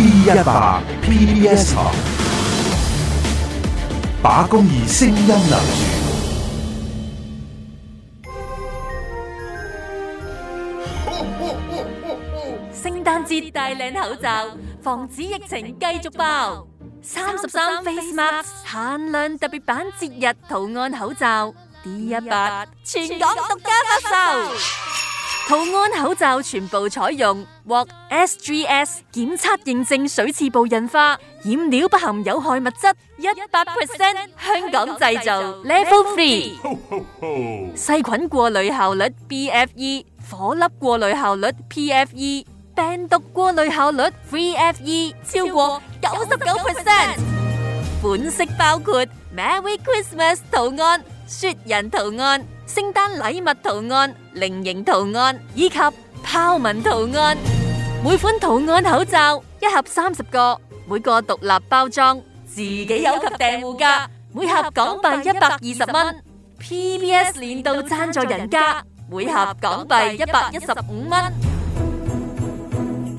D 一八 PBS 台，把公義聲音留住。聖誕節大靚口罩，防止疫情繼續爆。三十三 Face Mask 限量特別版節日圖案口罩，D 一八全港獨家發售。圖案口罩全部採用獲 SGS 檢測認證水刺布印花，染料不含有害物質，一百 percent 香港製造，Level Three，細菌過濾效率 BFE，顆粒過濾效率 PFE，病毒過濾效率 FreeFE 超過九十九 percent。款式包括 Merry Christmas 圖案、雪人圖案。聖誕禮物圖案、菱形圖案以及豹紋圖案，每款圖案口罩一盒三十個，每個獨立包裝，自己有及訂戶價，每盒港幣一百二十蚊。PBS 年度贊助人家，每盒港幣一百一十五蚊。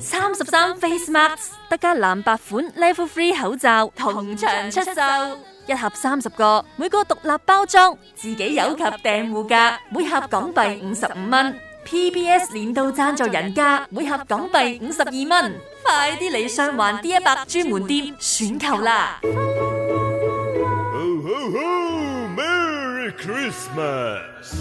三十三 Face Masks 得加藍白款 Level Three 口罩同場出售。一盒三十個，每個獨立包裝，自己有及訂戶價，每盒港幣五十五蚊。PBS 年度贊助人價，每盒港幣五十二蚊。快啲嚟上環 D100 專門店選購啦！Merry Christmas！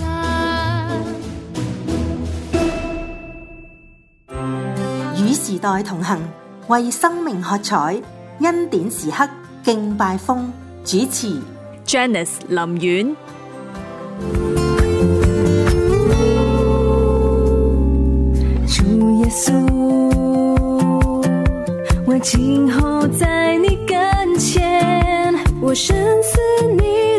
與時代同行，為生命喝彩，恩典時刻敬拜風。主持 Janice 林苑。主耶穌，我今後在你跟前，我深思你。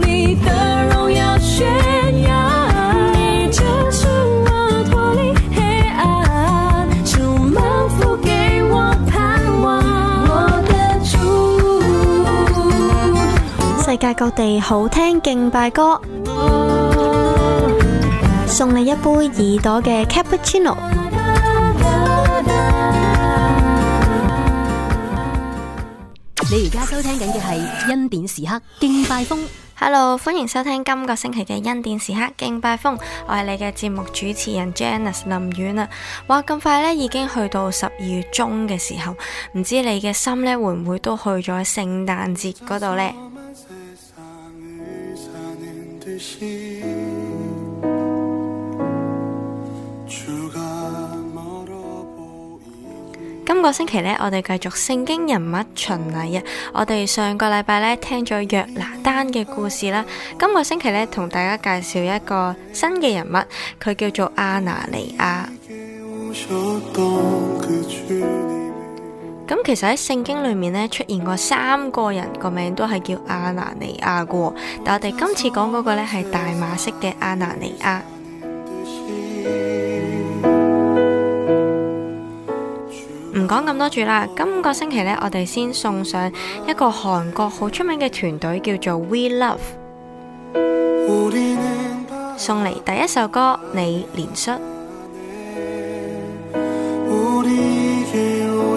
世界各地好聽敬拜歌，送你一杯耳朵嘅 Cappuccino。你而家收聽緊嘅係恩典時刻敬拜風。Hello，歡迎收聽今個星期嘅恩典時刻敬拜風。我係你嘅節目主持人 Janice 林苑啊。哇，咁快呢已經去到十二月中嘅時候，唔知你嘅心呢會唔會都去咗聖誕節嗰度呢？今個星期呢，我哋繼續聖經人物巡禮啊！我哋上個禮拜呢，聽咗約拿單嘅故事啦，今個星期呢，同大家介紹一個新嘅人物，佢叫做亞拿尼亞。 咁其實喺聖經裏面咧出現過三個人個名都係叫亞拿尼亞嘅，但我哋今次講嗰個咧係大馬色嘅亞拿尼亞。唔講咁多住啦，今個星期咧我哋先送上一個韓國好出名嘅團隊叫做 We Love，送嚟第一首歌你連失。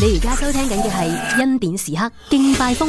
你而家收聽緊嘅係《恩典時刻》敬拜風。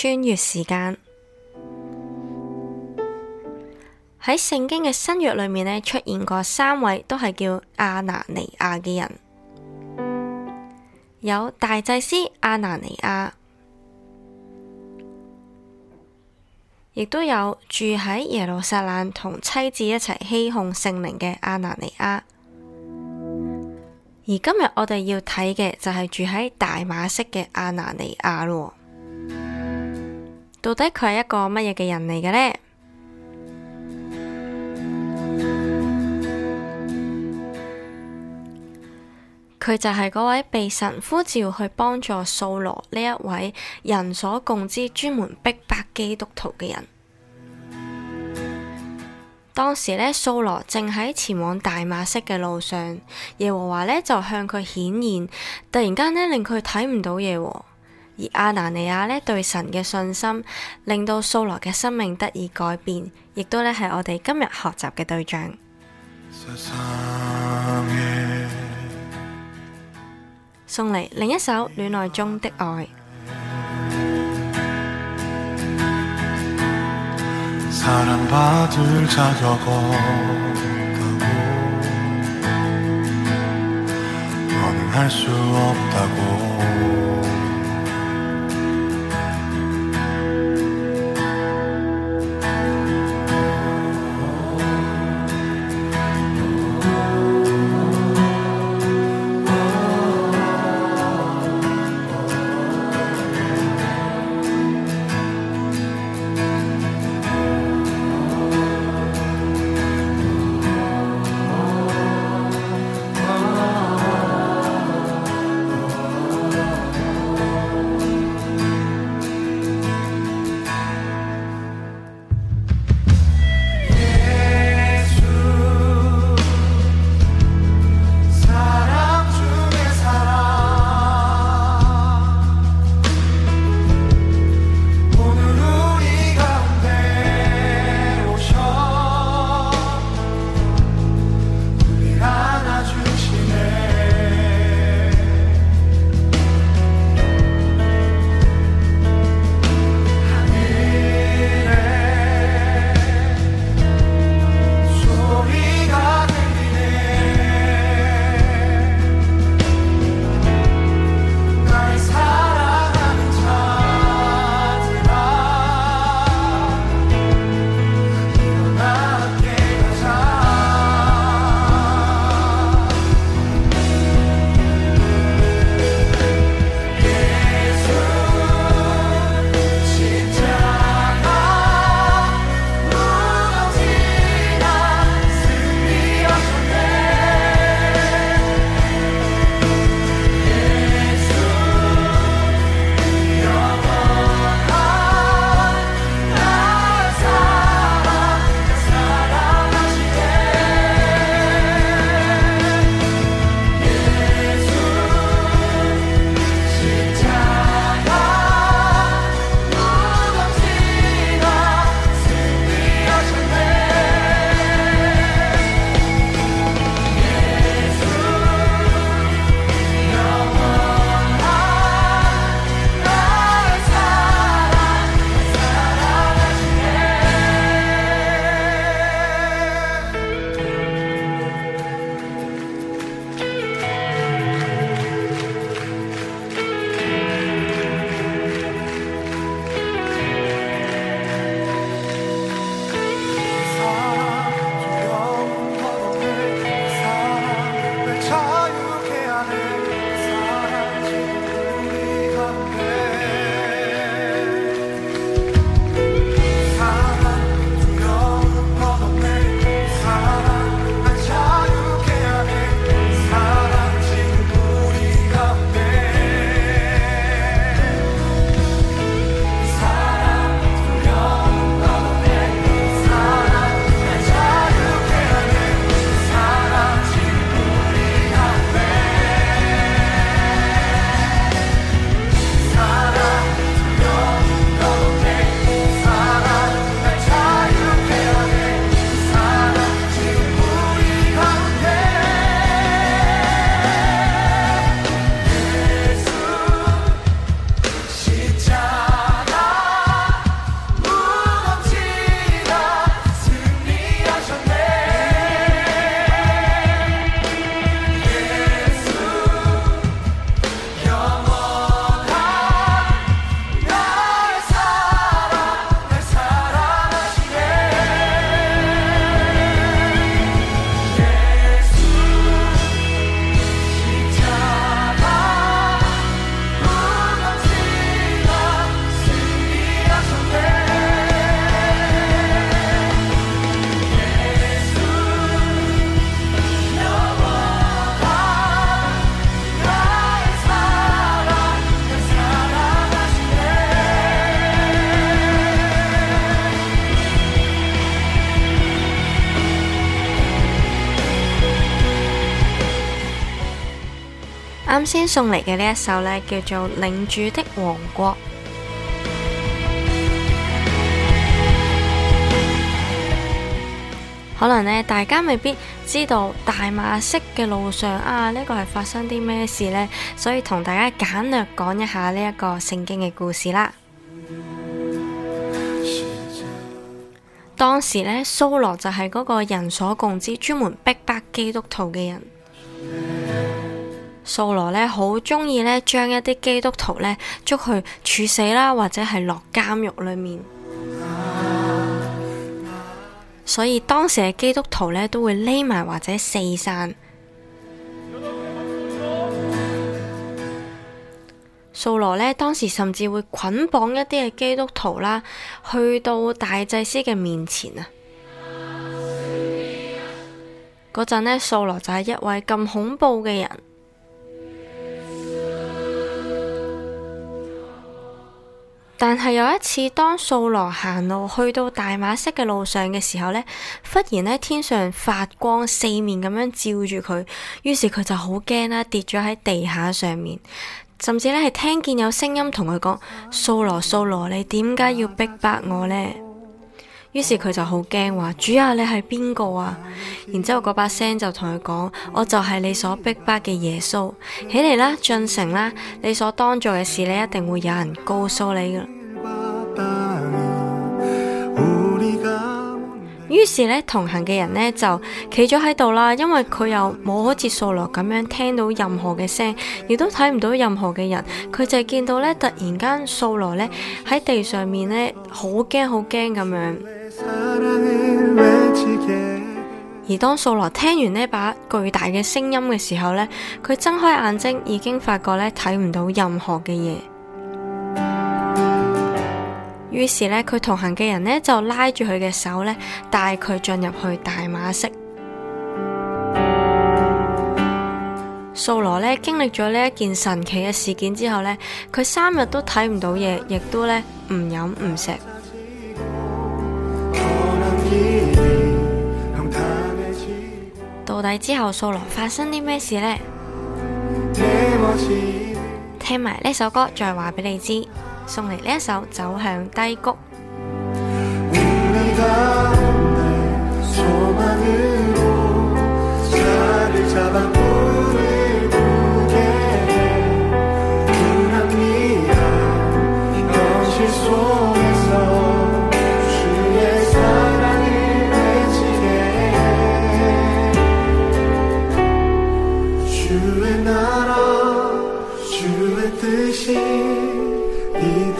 穿越時間喺聖經嘅新約裏面咧，出現過三位都係叫亞拿尼亞嘅人，有大祭司亞拿尼亞，亦都有住喺耶路撒冷同妻子一齊欺哄聖靈嘅亞拿尼亞，而今日我哋要睇嘅就係住喺大馬色嘅亞拿尼亞咯。到底佢係一個乜嘢嘅人嚟嘅呢？佢就係嗰位被神呼召去幫助掃羅呢一位人所共知專門逼迫基督徒嘅人。當時呢，掃羅正喺前往大馬色嘅路上，耶和華呢就向佢顯現，突然間呢令佢睇唔到耶和，哦。而阿拿尼亞咧對神嘅信心，令到掃羅嘅生命得以改變，亦都咧係我哋今日學習嘅對象。送嚟另一首《戀愛中的愛》。送嚟嘅呢一首呢，叫做《領主的王國》。可能呢，大家未必知道大馬色嘅路上啊，呢個係發生啲咩事呢？所以同大家簡略講一下呢一個聖經嘅故事啦。當時呢，蘇羅就係嗰個人所共知，專門逼迫基督徒嘅人。掃羅呢好中意呢將一啲基督徒呢捉去處死啦，或者係落監獄裏面。啊啊、所以當時嘅基督徒呢都會匿埋或者四散。掃、啊啊、羅呢當時甚至會捆綁一啲嘅基督徒啦，去到大祭司嘅面前啊。嗰、啊、陣呢，掃羅就係一位咁恐怖嘅人。但係有一次，當掃羅行路去到大馬色嘅路上嘅時候呢，忽然呢，天上發光，四面咁樣照住佢，於是佢就好驚啦，跌咗喺地下上面，甚至呢係聽見有聲音同佢講：掃羅，掃羅，你點解要逼迫，迫我呢？」於是佢就好驚話：主啊，你係邊個啊？然之後嗰把聲就同佢講：我就係你所逼迫嘅耶穌，起嚟啦，進城啦，你所當做嘅事，你一定會有人告訴你嘅。於是呢，同行嘅人呢，就企咗喺度啦，因為佢又冇好似掃羅咁樣聽到任何嘅聲，亦都睇唔到任何嘅人。佢就係見到呢突然間掃羅呢喺地上面呢，好驚好驚咁樣。而當掃羅聽完呢把巨大嘅聲音嘅時候呢，佢睜開眼睛已經發覺呢睇唔到任何嘅嘢。於是呢，佢同行嘅人呢，就拉住佢嘅手呢，帶佢進入去大馬色。 素羅呢，經歷咗呢一件神奇嘅事件之後呢，佢三日都睇唔到嘢，亦都呢，唔飲唔食。 到底之後素羅發生啲咩事呢？ 聽埋呢首歌再話俾你知。送嚟呢一首《走向低谷》。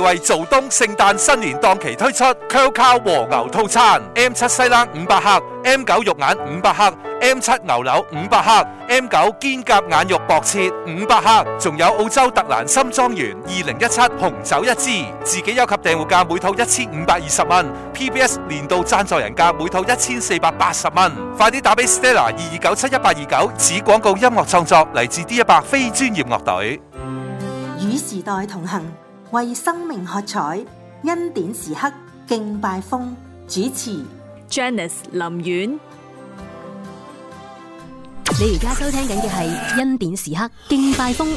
為做冬，聖誕新年檔期推出烤烤和牛套餐，M 七西冷五百克，M 九肉眼五百克，M 七牛柳五百克，M 九肩胛眼肉薄切五百克，仲有澳洲特蘭心莊園二零一七紅酒一支。自己優級訂戶價每套一千五百二十蚊，PBS 年度贊助人價每套一千四百八十蚊。快啲打俾 Stella 二二九七一八二九。此廣告音樂創作嚟自 D 一百非專業樂隊，與時代同行。為生命喝彩，恩典時刻敬拜風。主持：Janice 林苑，你而家收聽緊嘅係恩典時刻敬拜風。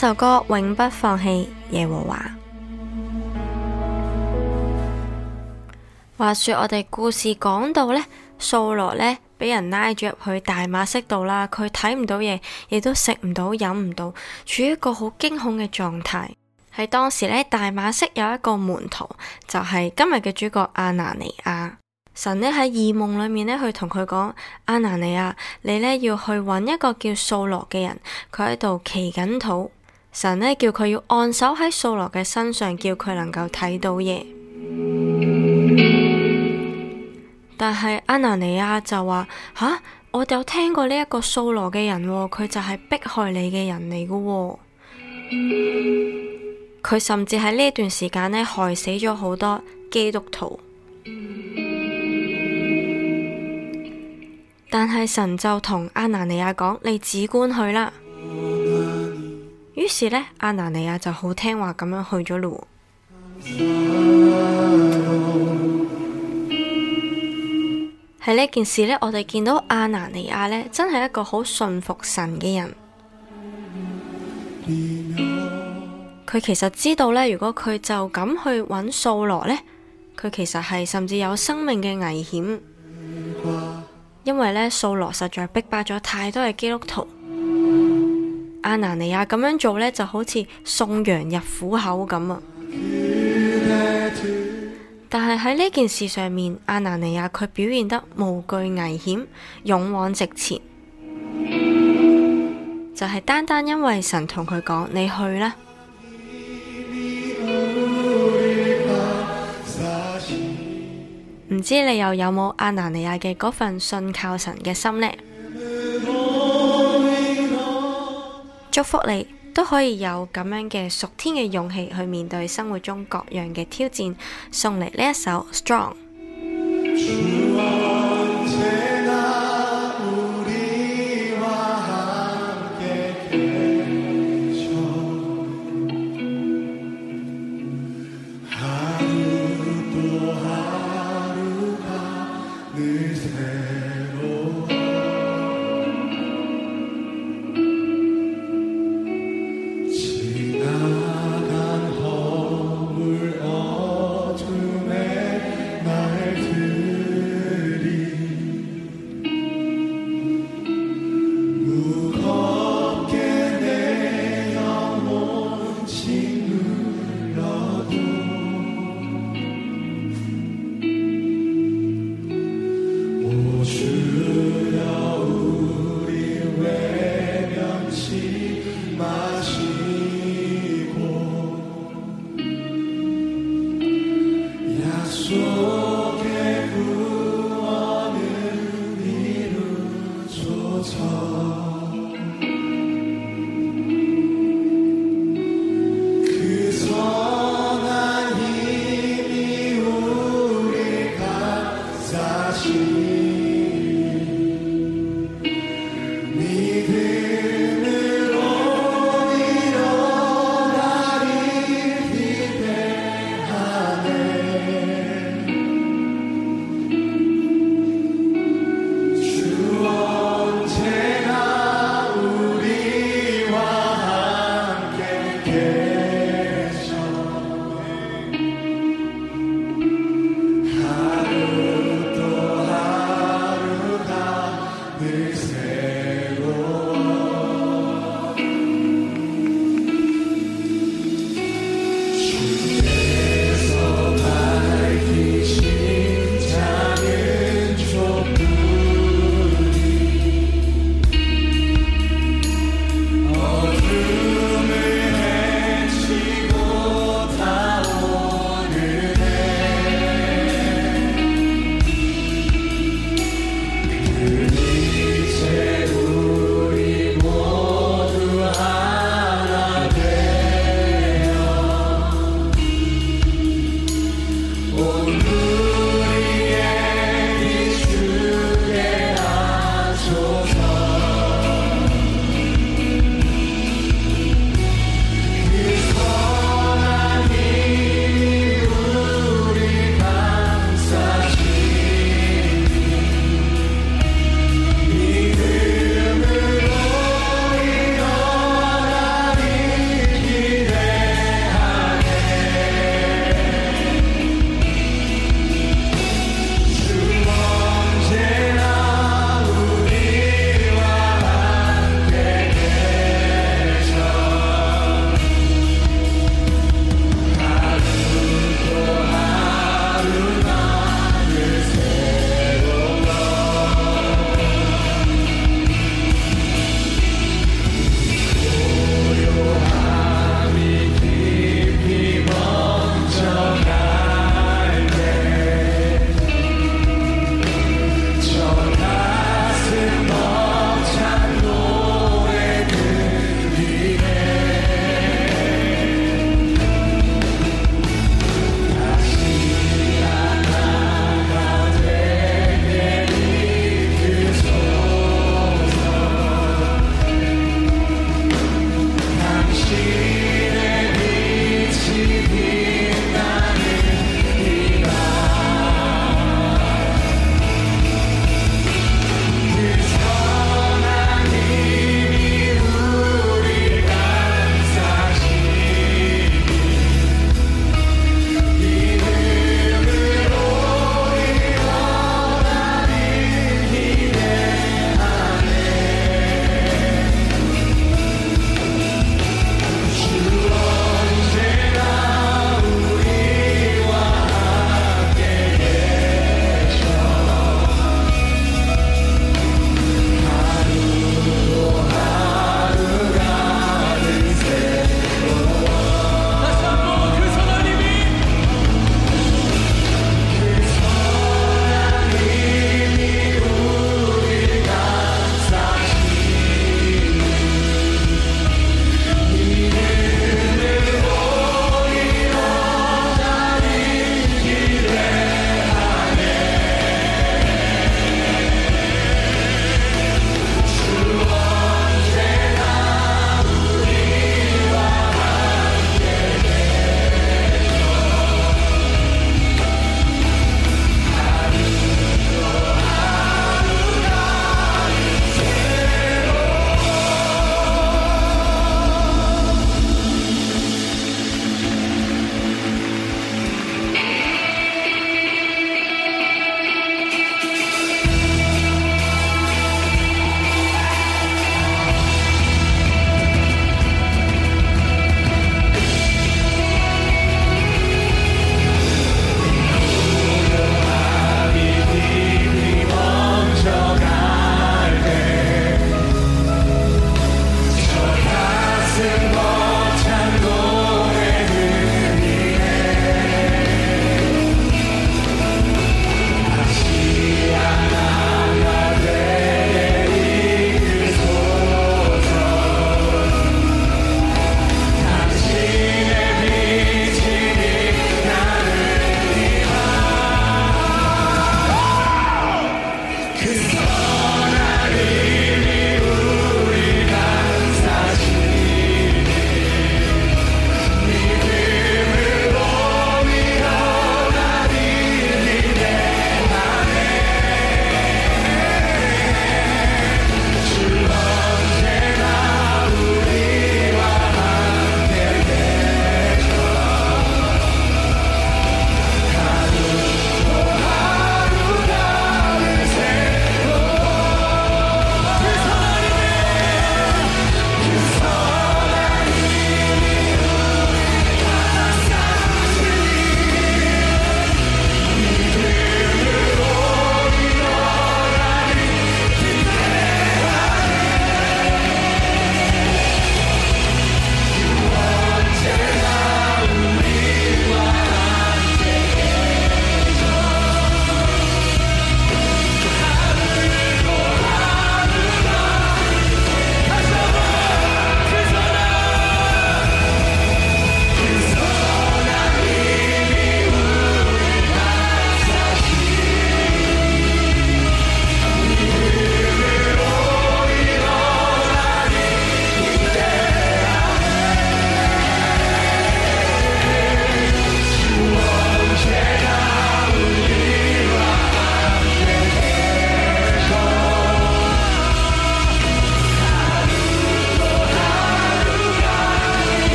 首歌《永不放棄》，耶和華。話說我哋故事講到呢，掃羅呢俾人拉住入去大馬色度啦。佢睇唔到嘢，亦都食唔到、飲唔到，處於一個好驚恐嘅狀態。喺當時呢，大馬色有一個門徒，就係、是、今日嘅主角阿拿尼亞。神呢喺異夢裏面呢去同佢講：阿拿尼亞，你呢要去揾一個叫掃羅嘅人，佢喺度祈緊禱。神呢叫佢要按手喺掃羅嘅身上，叫佢能夠睇到嘢。 但係阿拿尼亞就話：吓，我有聽過呢一個掃羅嘅人、哦，佢就係迫害你嘅人嚟㗎、哦。佢 甚至喺呢段時間呢害死咗好多基督徒。 但係神就同阿拿尼亞講：你只觀佢啦。於是呢，阿拿尼亞就好聽話咁樣去咗咯。喺呢 件事呢，我哋見到阿拿尼亞呢，真係一個好順服神嘅人。佢 其實知道呢，如果佢就咁去揾掃羅呢，佢其實係甚至有生命嘅危險，因為呢，掃羅實在逼迫咗太多嘅基督徒。阿拿尼亞咁樣做呢，就好似送羊入虎口咁啊！但係喺呢件事上面，阿拿尼亞佢表現得無懼危險，勇往直前， 就係單單因為神同佢講：「你去啦！唔 知你又有冇阿拿尼亞嘅嗰份信靠神嘅心呢？」祝福你都可以有咁樣嘅屬天嘅勇氣去面對生活中各樣嘅挑戰，送嚟呢一首 Strong。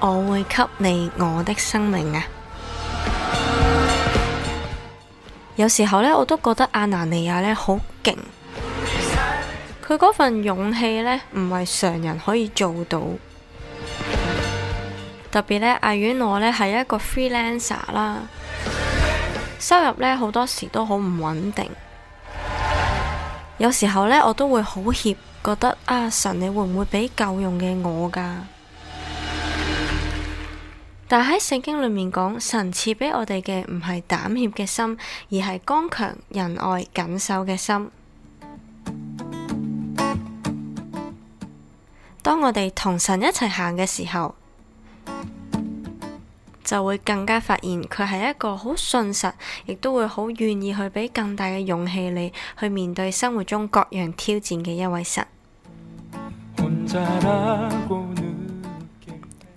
我會給你我的生命啊！ 有時候呢，我都覺得阿拿尼亞呢好勁，佢嗰 份勇氣呢，唔係常人可以做到。 特別呢，阿阮我呢係一個 freelancer 啦， 收入呢好多時都好唔穩定。 有時候呢，我都會好怯，覺得啊神，神你會唔會俾夠用嘅我噶？但喺聖經裏面講，神賜俾我哋嘅唔係膽怯嘅心，而係剛強、仁愛、謹守嘅心。當我哋同神一齊行嘅時候，就會更加發現佢係一個好信實，亦都會好願意去俾更大嘅勇氣你去面對生活中各樣挑戰嘅一位神。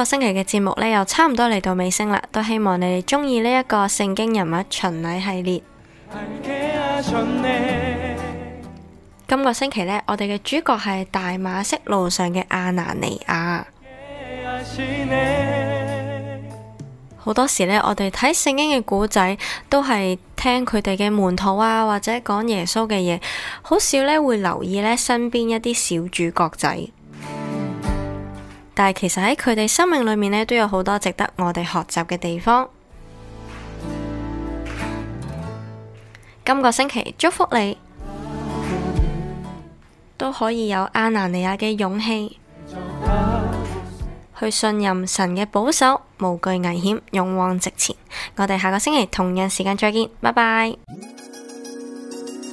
個星期嘅節目呢，又差唔多嚟到尾聲啦，都希望你哋中意呢一個聖經人物巡禮系列。今個星期呢，我哋嘅主角係大馬色路上嘅亞拿尼亞。好多時呢，我哋睇聖經嘅古仔，都係聽佢哋嘅門徒啊，或者講耶穌嘅嘢，好少呢會留意呢身邊一啲小主角仔。但係，其實喺佢哋生命裏面咧，都有好多值得我哋學習嘅地方。今個星期，祝福你都可以有阿拿尼亞嘅勇氣，去信任神嘅保守，無懼危險，勇往直前。我哋下個星期同樣時間再見，拜拜。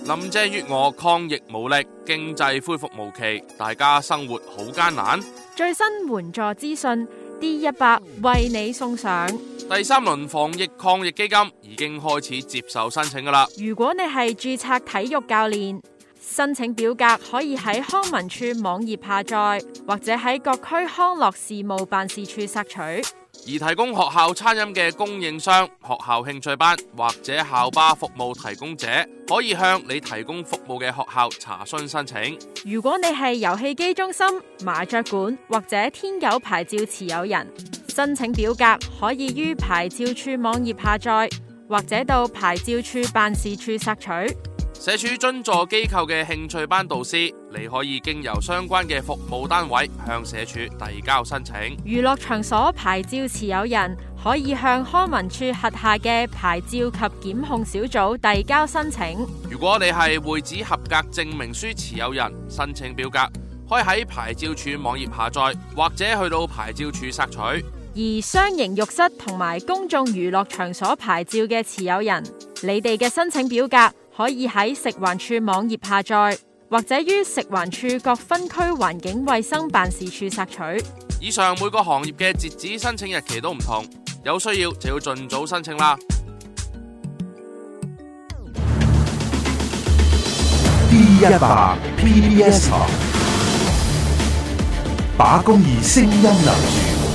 林鄭月娥抗疫無力，經濟恢復無期，大家生活好艱難。最新援助資訊，D 一百為你送上。第三輪防疫抗疫基金已經開始接受申請噶啦。如果你係註冊體育教練，申請表格可以喺康文署網頁下載，或者喺各區康樂事務辦事處索取。而提供學校餐飲嘅供應商、學校興趣班或者校巴服務提供者，可以向你提供服務嘅學校查詢申請。如果你係遊戲機中心、麻雀館、或者天九牌照持有人，申請表格可以於牌照處網頁下載，或者到牌照處辦事處索取。社署津助機構嘅興趣班導師，你可以經由相關嘅服務單位向社署遞交申請。娛樂場所牌照持有人可以向康文署轄下嘅牌照及檢控小組遞交申請。如果你係會址合格證明書持有人，申請表格可以喺牌照處網頁下載，或者去到牌照處索取。而商營浴室同埋公眾娛樂場所牌照嘅持有人，你哋嘅申請表格，可以喺食環署網頁下載，或者於食環署各分區環境衛生辦事處索取。以上每個行業嘅截止申請日期都唔同，有需要就要盡早申請啦。D100 PBS 台，把公義聲音留住。